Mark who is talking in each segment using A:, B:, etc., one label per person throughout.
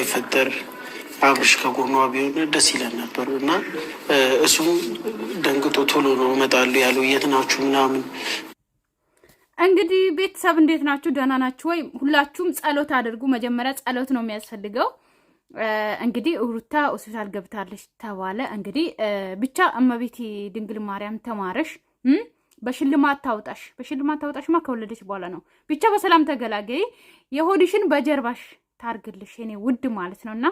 A: ባይፈጠር አብርሽ ከጎኗ ቢሆን ደስ ይለን ነበር እና እሱም ደንግጦ ቶሎ ነው እመጣለሁ ያለው የት ናችሁ ምናምን።
B: እንግዲህ ቤተሰብ እንዴት ናችሁ? ደህና ናችሁ ወይ? ሁላችሁም ጸሎት አድርጉ። መጀመሪያ ጸሎት ነው የሚያስፈልገው። እንግዲህ ሩታ ሆስፒታል ገብታለች ተባለ። እንግዲህ ብቻ እመቤቴ ድንግል ማርያም ተማረሽ፣ በሽልማት ታውጣሽ። በሽልማት ታውጣሽማ ከወለደች በኋላ ነው። ብቻ በሰላም ተገላገይ። የሆድሽን በጀርባሽ ታርግልሽ የኔ ውድ ማለት ነው። እና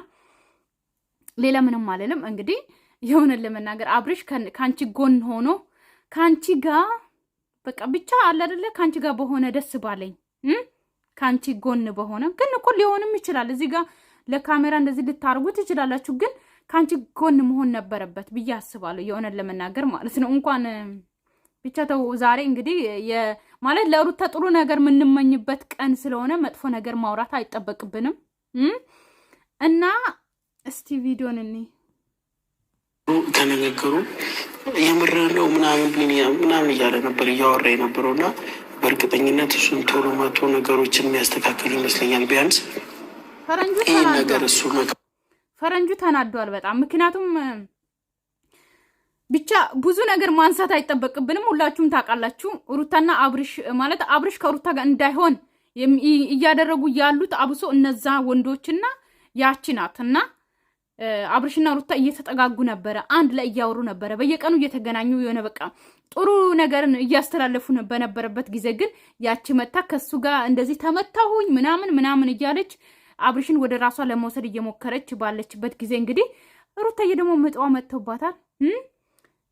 B: ሌላ ምንም አልልም። እንግዲህ የሆነን ለመናገር አብርሽ ከአንቺ ጎን ሆኖ ከአንቺ ጋር በቃ ብቻ አለ አይደለ ከአንቺ ጋር በሆነ ደስ ባለኝ ከአንቺ ጎን በሆነ ግን እኮ ሊሆንም ይችላል። እዚህ ጋር ለካሜራ እንደዚህ ልታርጉ ትችላላችሁ፣ ግን ከአንቺ ጎን መሆን ነበረበት ብዬ አስባለሁ። የሆነን ለመናገር ማለት ነው እንኳን ብቻ ተው። ዛሬ እንግዲህ ማለት ለሩታ ጥሩ ነገር የምንመኝበት ቀን ስለሆነ መጥፎ ነገር ማውራት አይጠበቅብንም እና እስቲ ቪዲዮን እኔ
A: ከንግግሩ የምር ነው ምናምን ምናምን እያለ ነበር እያወራ የነበረው እና በእርግጠኝነት እሱን ቶሎ መቶ ነገሮችን የሚያስተካክል ይመስለኛል። ቢያንስ
B: ፈረንጁ ተናዷል፣ በጣም ምክንያቱም ብቻ ብዙ ነገር ማንሳት አይጠበቅብንም። ሁላችሁም ታውቃላችሁ። ሩታና አብርሽ ማለት አብርሽ ከሩታ ጋር እንዳይሆን እያደረጉ ያሉት አብሶ እነዛ ወንዶችና ያቺ ናት እና አብርሽና ሩታ እየተጠጋጉ ነበረ፣ አንድ ላይ እያወሩ ነበረ፣ በየቀኑ እየተገናኙ የሆነ በቃ ጥሩ ነገርን እያስተላለፉ በነበረበት ጊዜ ግን ያቺ መታ ከሱ ጋር እንደዚህ ተመታሁኝ ምናምን ምናምን እያለች አብርሽን ወደ ራሷ ለመውሰድ እየሞከረች ባለችበት ጊዜ እንግዲህ ሩታዬ ደግሞ ምጥዋ መጥተውባታል።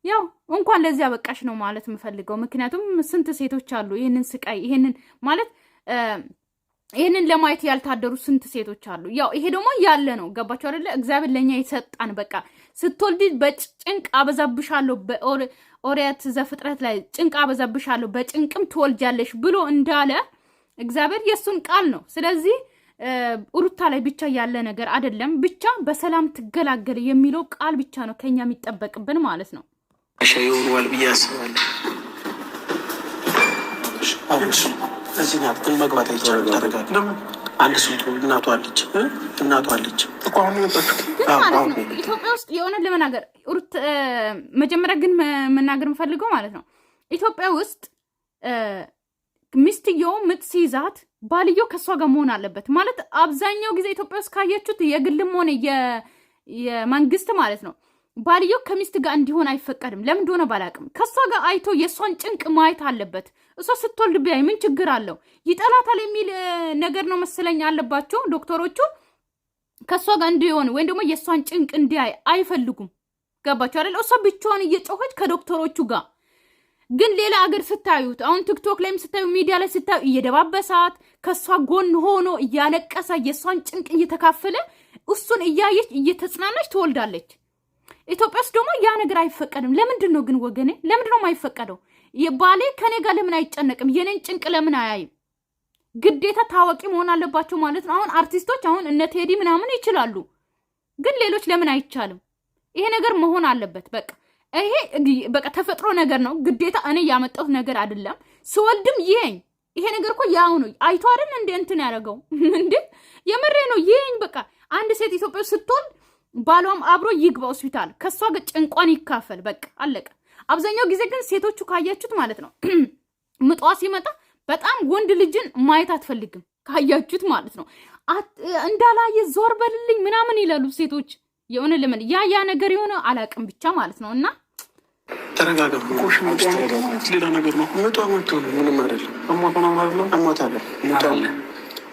B: ያው እንኳን ለዚህ አበቃሽ ነው ማለት የምፈልገው። ምክንያቱም ስንት ሴቶች አሉ ይህንን ስቃይ ይህንን ማለት ይህንን ለማየት ያልታደሩ ስንት ሴቶች አሉ። ያው ይሄ ደግሞ ያለ ነው። ገባቸው አደለ እግዚአብሔር ለእኛ የሰጣን በቃ ስትወልድ በጭንቅ አበዛብሻለሁ፣ በኦሪያት ዘፍጥረት ላይ ጭንቅ አበዛብሻለሁ፣ በጭንቅም ትወልጃለሽ ብሎ እንዳለ እግዚአብሔር የእሱን ቃል ነው። ስለዚህ ሩታ ላይ ብቻ ያለ ነገር አይደለም። ብቻ በሰላም ትገላገል የሚለው ቃል ብቻ ነው ከኛ የሚጠበቅብን ማለት ነው።
A: ሻ ይሆናል ብዬ አስባለሁ። እዚህ ኢትዮጵያ
B: ውስጥ ለመናገር መጀመሪያ ግን መናገር የምፈልገው ማለት ነው ኢትዮጵያ ውስጥ ሚስትየው ምጥ ሲይዛት ባልዮ ከእሷ ጋር መሆን አለበት ማለት አብዛኛው ጊዜ ኢትዮጵያ ውስጥ ካየችሁት የግልም ሆነ የመንግስት ማለት ነው ባልየው ከሚስት ጋር እንዲሆን አይፈቀድም። ለምን እንደሆነ ባላቅም፣ ከእሷ ጋር አይቶ የእሷን ጭንቅ ማየት አለበት። እሷ ስትወልድ ቢያይ ምን ችግር አለው? ይጠላታል የሚል ነገር ነው መሰለኝ አለባቸው ዶክተሮቹ። ከእሷ ጋር እንዲሆን ወይም ደግሞ የእሷን ጭንቅ እንዲያይ አይፈልጉም። ገባቸው አይደል? እሷ ብቻዋን እየጮኸች ከዶክተሮቹ ጋር ግን ሌላ አገር ስታዩት አሁን ቲክቶክ ላይም ስታዩ ሚዲያ ላይ ስታዩ እየደባበሳት ከእሷ ጎን ሆኖ እያለቀሰ የእሷን ጭንቅ እየተካፈለ እሱን እያየች እየተጽናናች ትወልዳለች። ኢትዮጵያ ውስጥ ደግሞ ያ ነገር አይፈቀድም። ለምንድን ነው ግን ወገኔ? ለምንድን ነው የማይፈቀደው? ባሌ ከኔ ጋር ለምን አይጨነቅም? የኔን ጭንቅ ለምን አያይም? ግዴታ ታዋቂ መሆን አለባቸው ማለት ነው? አሁን አርቲስቶች አሁን እነ ቴዲ ምናምን ይችላሉ፣ ግን ሌሎች ለምን አይቻልም? ይሄ ነገር መሆን አለበት። በቃ ይሄ በቃ ተፈጥሮ ነገር ነው፣ ግዴታ እኔ ያመጣሁት ነገር አይደለም። ስወልድም ይሄኝ ይሄ ነገር እኮ ያው ነው። አይቶ አይደል እንደ እንትን ያደረገው እንዴ? የምሬ ነው ይሄኝ። በቃ አንድ ሴት ኢትዮጵያ ስትወልድ ባሏም አብሮ ይግባ ሆስፒታል፣ ከእሷ ጭንቋን ይካፈል። በቃ አለቀ። አብዛኛው ጊዜ ግን ሴቶቹ ካያችሁት ማለት ነው ምጧ ሲመጣ በጣም ወንድ ልጅን ማየት አትፈልግም። ካያችሁት ማለት ነው እንዳላየ ዞር በልልኝ ምናምን ይላሉ ሴቶች። የሆነ ለምን ያ ያ ነገር የሆነ አላቅም ብቻ ማለት ነው። እና
A: ተረጋጋ፣ ሌላ ነገር ነው። ምጧ ምንም አይደለም። አለ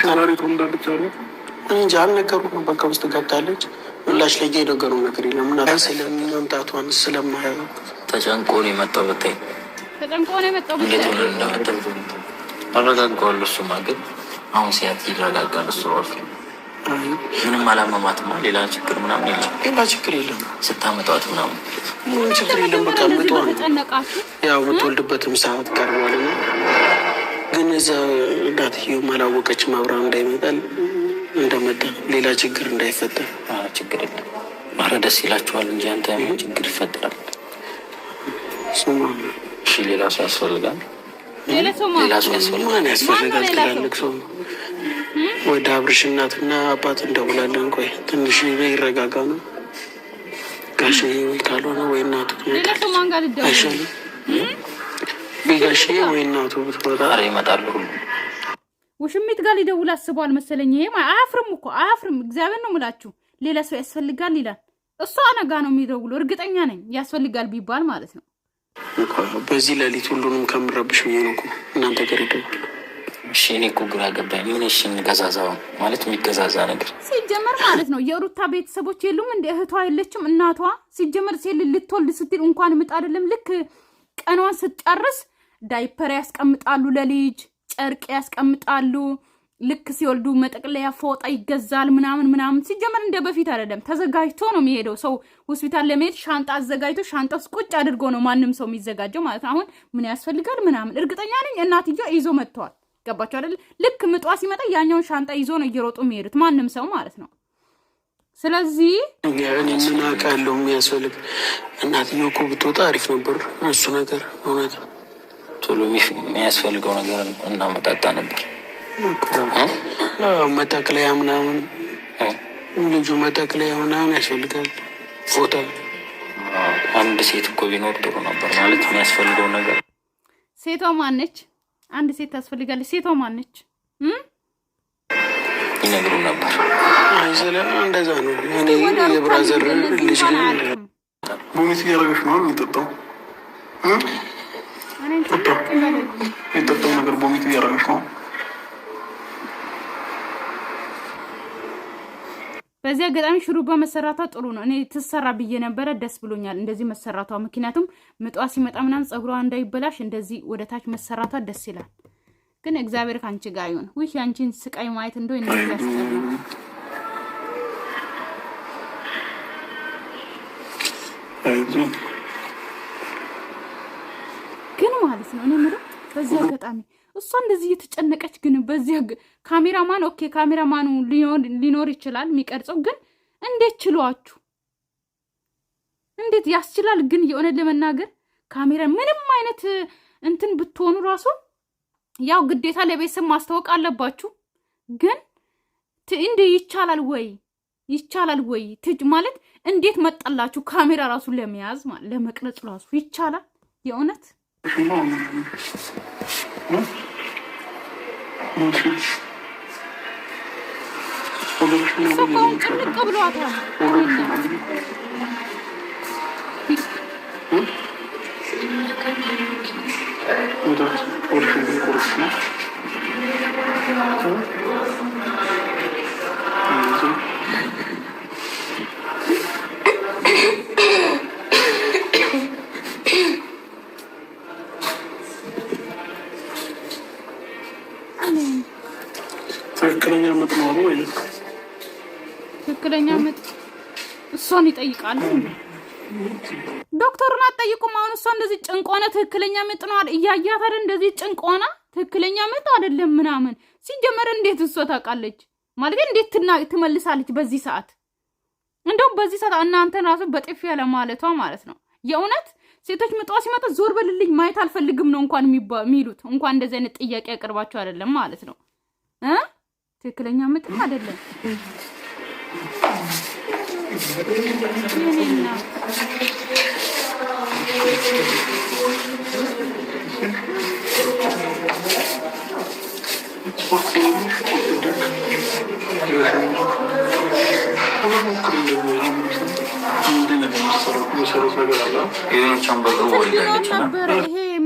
A: ሸራሪቱ እንዳለች አሉ እንጃ አልነገሩም ነው። በቃ ውስጥ ገብታለች። ምላሽ ላይ የነገሩ ነገር የለም እና ስለመምጣቷን ስለማያዩ
C: ተጨንቆ ነው የመጣው። ብታይ
B: ተጨንቆ የመጣው።
C: እንዴት እሱማ ግን አሁን ሲያት ይረጋጋል። እሱ ራሱ ምንም አላመማትማ። ሌላ ችግር ምናምን የለም።
A: ሌላ ችግር የለም።
C: ስታመጣት ምናምን
A: ምንም ችግር የለም። በቃ ምጠዋ ያው ምትወልድበትም ሰዓት ቀርቧል ነው ግን እዛ እናትየው አላወቀች። ማብራ እንዳይመጣል እንደመጣ ሌላ ችግር እንዳይፈጠር
C: ችግር የለም። ኧረ ደስ ይላችኋል እንጂ አንተ ችግር ይፈጠራል። እሺ፣ ሌላ ሰው ያስፈልጋል።
B: ሌላ ሰው ማን ያስፈልጋል?
A: ትላልቅ ሰው ወደ አብርሽ እናትና አባት እንደውላለን። ቆይ ትንሽ ይረጋጋ ነው ጋሽ ወይ ካልሆነ ወይ እናቱ
B: ጋር አይሻልም
A: ቢገሽ ወይ እናቱ ብትመጣ
C: ይመጣሉ።
B: ውሽሚት ጋር ሊደውል አስበዋል መሰለኝ። ይሄ አያፍርም እኮ አያፍርም። እግዚአብሔር ነው ምላችሁ። ሌላ ሰው ያስፈልጋል ይላል። እሷ ነጋ ነው የሚደውሉ። እርግጠኛ ነኝ ያስፈልጋል ቢባል ማለት ነው።
A: በዚህ ሌሊት ሁሉንም ከምረብሽ ብዬ ነው እናንተ ጋር ይደውል።
C: እሺ እኔ እኮ ግራ ገባኝ። ምን እሺ እንገዛዛው ማለት የሚገዛዛ ነገር
B: ሲጀመር ማለት ነው። የሩታ ቤተሰቦች የሉም እንደ እህቷ የለችም እናቷ ሲጀመር ሴት ልትወልድ ስትል እንኳን ምጥ አይደለም ልክ ቀኗን ስትጨርስ ዳይፐር ያስቀምጣሉ፣ ለልጅ ጨርቅ ያስቀምጣሉ። ልክ ሲወልዱ መጠቅለያ ፎጣ ይገዛል፣ ምናምን ምናምን። ሲጀመር እንደ በፊት አይደለም። ተዘጋጅቶ ነው የሚሄደው ሰው ሆስፒታል ለመሄድ ሻንጣ አዘጋጅቶ ሻንጣ ውስጥ ቁጭ አድርጎ ነው ማንም ሰው የሚዘጋጀው ማለት ነው። አሁን ምን ያስፈልጋል ምናምን። እርግጠኛ ነኝ እናትየው ይዞ መጥተዋል። ገባቸው አይደል? ልክ ምጧ ሲመጣ ያኛውን ሻንጣ ይዞ ነው እየሮጡ የሚሄዱት ማንም ሰው ማለት ነው። ስለዚህ
A: ምን አውቃለሁ የሚያስፈልግ እናትየው እኮ ብትወጣ አሪፍ ነበር እሱ ነገር እውነት
C: ቶሎ የሚያስፈልገው ነገር እናመጣጣ ነበር።
A: መጠቅለያ ምናምን ልጁ መጠቅለያ ምናምን ያስፈልጋል። ፎታ
C: አንድ ሴት እኮ ቢኖር ጥሩ ነበር። ማለት የሚያስፈልገው ነገር
B: ሴቷ ማነች? አንድ ሴት ታስፈልጋለች። ሴቷ ማነች?
A: ይነግሩ ነበር። እንደዛ ነው። የብራዘር ልጅ ነው የጠጣው ነገር ቦሚት እያደረገች ነው።
B: በዚህ አጋጣሚ ሹሩባ መሰራቷ ጥሩ ነው። እኔ ትሰራ ብዬ ነበረ። ደስ ብሎኛል እንደዚህ መሰራቷ። ምክንያቱም ምጧ ሲመጣ ምናምን ፀጉሯ እንዳይበላሽ እንደዚህ ወደታች መሰራቷ ደስ ይላል። ግን እግዚአብሔር ከአንቺ ጋር ይሁን። ውይ የአንቺን ስቃይ ማየት እንደ ያስጠላል። ማለት ነው። እኔ የምለው በዚህ አጋጣሚ እሷ እንደዚህ እየተጨነቀች ግን በዚህ ካሜራማን ኦኬ፣ ካሜራማኑ ሊኖር ይችላል የሚቀርጸው። ግን እንዴት ችሏችሁ? እንዴት ያስችላል? ግን የእውነት ለመናገር ካሜራ ምንም አይነት እንትን ብትሆኑ ራሱ ያው ግዴታ ለቤተሰብ ማስታወቅ አለባችሁ። ግን እንዴ ይቻላል ወይ ይቻላል ወይ ትጅ ማለት እንዴት መጣላችሁ? ካሜራ ራሱ ለመያዝ ለመቅረጽ ራሱ ይቻላል የእውነት
A: Düşünme olmadığını. Hı? Unutmuş. O da düşünme
B: olmadığını. Sakal kabul ata. O da düşünme olmadığını. Hı? Bu da orijinal korusuna. Hı? እሷን ይጠይቃሉ። ዶክተሩን አትጠይቁም። አሁን እሷ እንደዚህ ጭንቆነ ትክክለኛ ምጥ ነው እያያት አይደል? እንደዚህ ጭንቆና ትክክለኛ ምጥ አይደለም ምናምን ሲጀመር እንዴት እሷ ታውቃለች ማለት እንዴት ትመልሳለች? በዚህ ሰዓት እንደውም በዚህ ሰዓት እናንተን ራሱ በጥፊ ያለ ማለቷ ማለት ነው። የእውነት ሴቶች ምጧ ሲመጣ ዞር በልልኝ ማየት አልፈልግም ነው እንኳን የሚሉት። እንኳን እንደዚህ አይነት ጥያቄ ያቅርባቸው አይደለም ማለት ነው። ትክክለኛ ምጥ አይደለም። ይሄ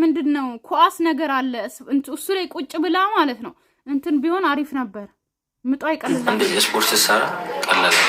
B: ምንድን ነው? ኳስ ነገር አለ እሱ ላይ ቁጭ ብላ ማለት ነው። እንትን ቢሆን አሪፍ ነበር። ምጧ
C: ይቀልላል። ስፖርት ሰራ ቀለላት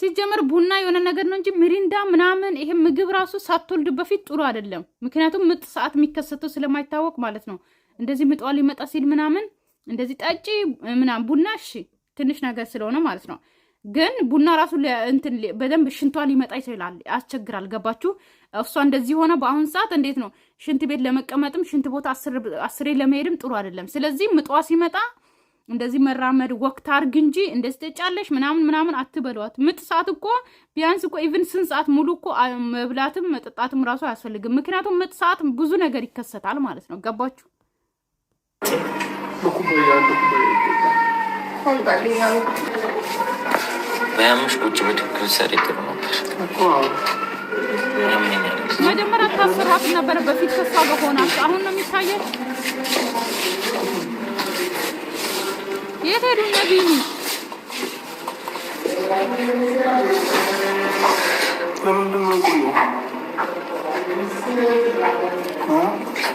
B: ሲጀመር ቡና የሆነ ነገር ነው እንጂ ሚሪንዳ ምናምን ይሄ ምግብ ራሱ ሳትወልድ በፊት ጥሩ አይደለም። ምክንያቱም ምጥ ሰዓት የሚከሰተው ስለማይታወቅ ማለት ነው። እንደዚህ ምጧ ሊመጣ ሲል ምናምን እንደዚህ ጠጪ ምናምን ቡና እሺ፣ ትንሽ ነገር ስለሆነ ማለት ነው። ግን ቡና ራሱ እንትን በደንብ ሽንቷ ሊመጣ ይችላል፣ ያስቸግራል። ገባችሁ? እሷ እንደዚህ ሆነ። በአሁን ሰዓት እንዴት ነው ሽንት ቤት ለመቀመጥም ሽንት ቦታ አስሬ ለመሄድም ጥሩ አይደለም። ስለዚህ ምጧ ሲመጣ እንደዚህ መራመድ ወቅት አርግ እንጂ እንደዚህ ምናምን ምናምን አትበሏት። ምጥ ሰዓት እኮ ቢያንስ እኮ ኢቭን ስንት ሰዓት ሙሉ እኮ መብላትም መጠጣትም ራሱ አያስፈልግም። ምክንያቱም ምጥ ሰዓት ብዙ ነገር ይከሰታል ማለት ነው። ገባችሁ?
C: በያምሽ ቁጭ ብድግ ብትሰሪ ጥሩ ነበር።
B: መጀመሪያ ታስራት ነበረ በፊት ከሷ በሆናት አሁን ነው የሚታየው። የት ሄዱ ነቢኒ?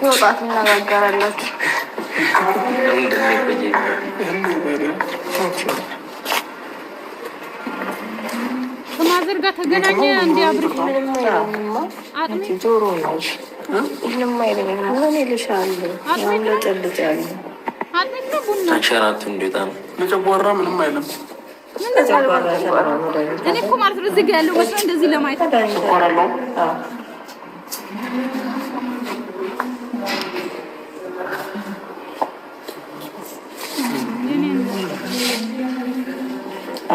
B: መውጣት እናጋገራላችሁ ከማዘር ጋር ተገናኘ እንዲያብርሽ ጆሮ ነሽ ምንም አይለኝ። ምን ይልሻለሁ? ያውለጠልጫለሁ።
C: አንሸራቱ እንዲወጣ ነው።
A: ለጨጓራ ምንም አይለም።
B: እኔ እኮ ማለት ነው እዚህ ጋ ያለው መስሎኝ እንደዚህ ለማየት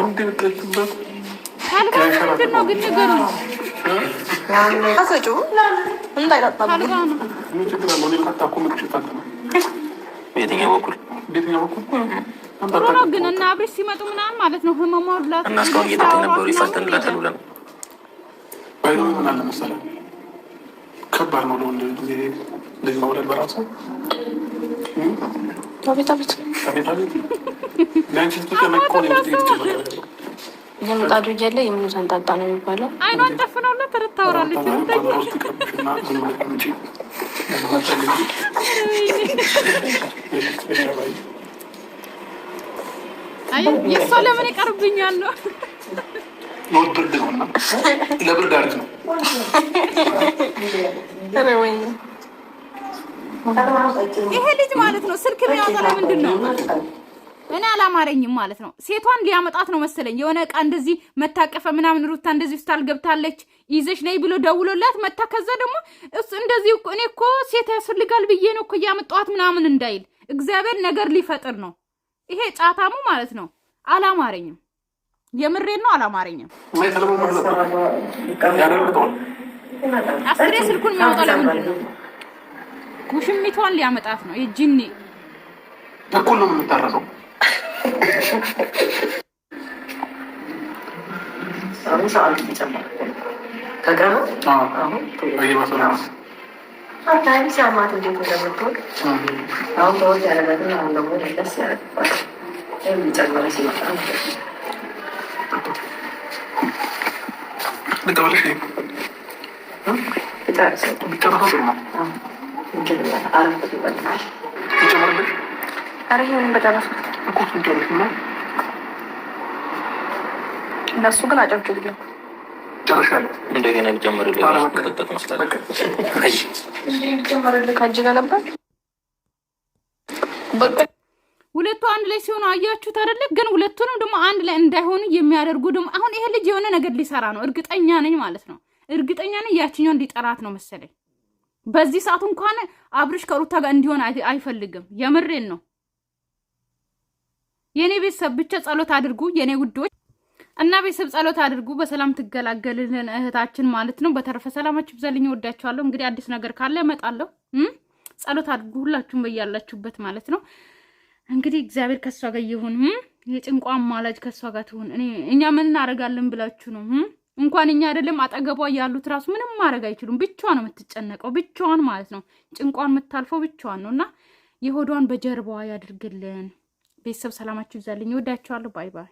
A: አንድ
B: አልጋ ምንድን ነው ግን እና አብሬሽ ሲመጡ ምናምን ማለት ነው ህመሙ
C: ሁላት እና እስካሁን እየተገነበሩ ይፈተንላታል ብለን ምን
A: አለ መሰለህ ከባድ ነው ለወንድ ጊዜ ልጅ መውለድ በራሱ
B: አቤት አቤት አቤት አቤት
A: ለአንቺ ስትጨነቅ እኮ ነው
B: የምጣዱ እያለ የምኑ ሰንጣጣ ነው የሚባለው። አይኗን ጨፍነውና ተረት ታወራለች። የእሷ ለምን ይቀርብኛል ነው ይሄ ልጅ ማለት ነው ስልክ የሚያወጣ ለምንድን ነው? እኔ አላማረኝም ማለት ነው። ሴቷን ሊያመጣት ነው መሰለኝ የሆነ እቃ እንደዚህ መታቀፈ ምናምን ሩታ እንደዚህ ውስጥ ገብታለች ይዘሽ ነይ ብሎ ደውሎላት መታ። ከዛ ደግሞ እንደዚህ እኔ እኮ ሴት ያስፈልጋል ብዬ ነው እኮ እያመጣኋት ምናምን እንዳይል እግዚአብሔር ነገር ሊፈጥር ነው። ይሄ ጫታሙ ማለት ነው። አላማረኝም፣ የምሬን ነው አላማረኝም። አስሬ ስልኩን የሚያወጣ ለምንድን ነው? ውሽሚቷን ሊያመጣት ነው የጅኒ እኩል ነው አሁን ሰዓቱ ይጨምራል። ከቀኑ እንዴት እንደምትወድ አሁን ተወት ያለበትን አሁን ደግሞ ደስ እነሱ ግን አጨብጭብልኝ።
A: ጨርሻለሁ።
C: እንደገና ሊጨመርልህ
B: ነበር። ሁለቱ አንድ ላይ ሲሆኑ አያችሁት አይደለ? ግን ሁለቱንም ደግሞ አንድ ላይ እንዳይሆኑ የሚያደርጉ ደግሞ አሁን ይሄ ልጅ የሆነ ነገር ሊሰራ ነው፣ እርግጠኛ ነኝ ማለት ነው። እርግጠኛ ነኝ ያችኛው እንዲጠራት ነው መሰለኝ። በዚህ ሰዓት እንኳን አብርሽ ከሩታ ጋር እንዲሆን አይፈልግም። የምሬን ነው። የእኔ ቤተሰብ ብቻ ጸሎት አድርጉ የእኔ ውዶች እና ቤተሰብ ጸሎት አድርጉ። በሰላም ትገላገልልን እህታችን ማለት ነው። በተረፈ ሰላማችሁ ብዛልኝ። ወዳችኋለሁ። እንግዲህ አዲስ ነገር ካለ እመጣለሁ። ጸሎት አድርጉ ሁላችሁም በያላችሁበት ማለት ነው። እንግዲህ እግዚአብሔር ከእሷ ጋር ይሁን፣ የጭንቋ አማላጅ ከእሷ ጋር ትሁን። እኛ ምን እናደርጋለን ብላችሁ ነው እንኳን እኛ አይደለም አጠገቧ ያሉት ራሱ ምንም ማድረግ አይችሉም። ብቻዋ ነው የምትጨነቀው፣ ብቻዋን ማለት ነው። ጭንቋን የምታልፈው ብቻዋን ነው እና የሆዷን በጀርባዋ ያድርግልን። ቤተሰብ ሰላማችሁ ይዛልኝ። እወዳችኋለሁ። ባይ ባይ።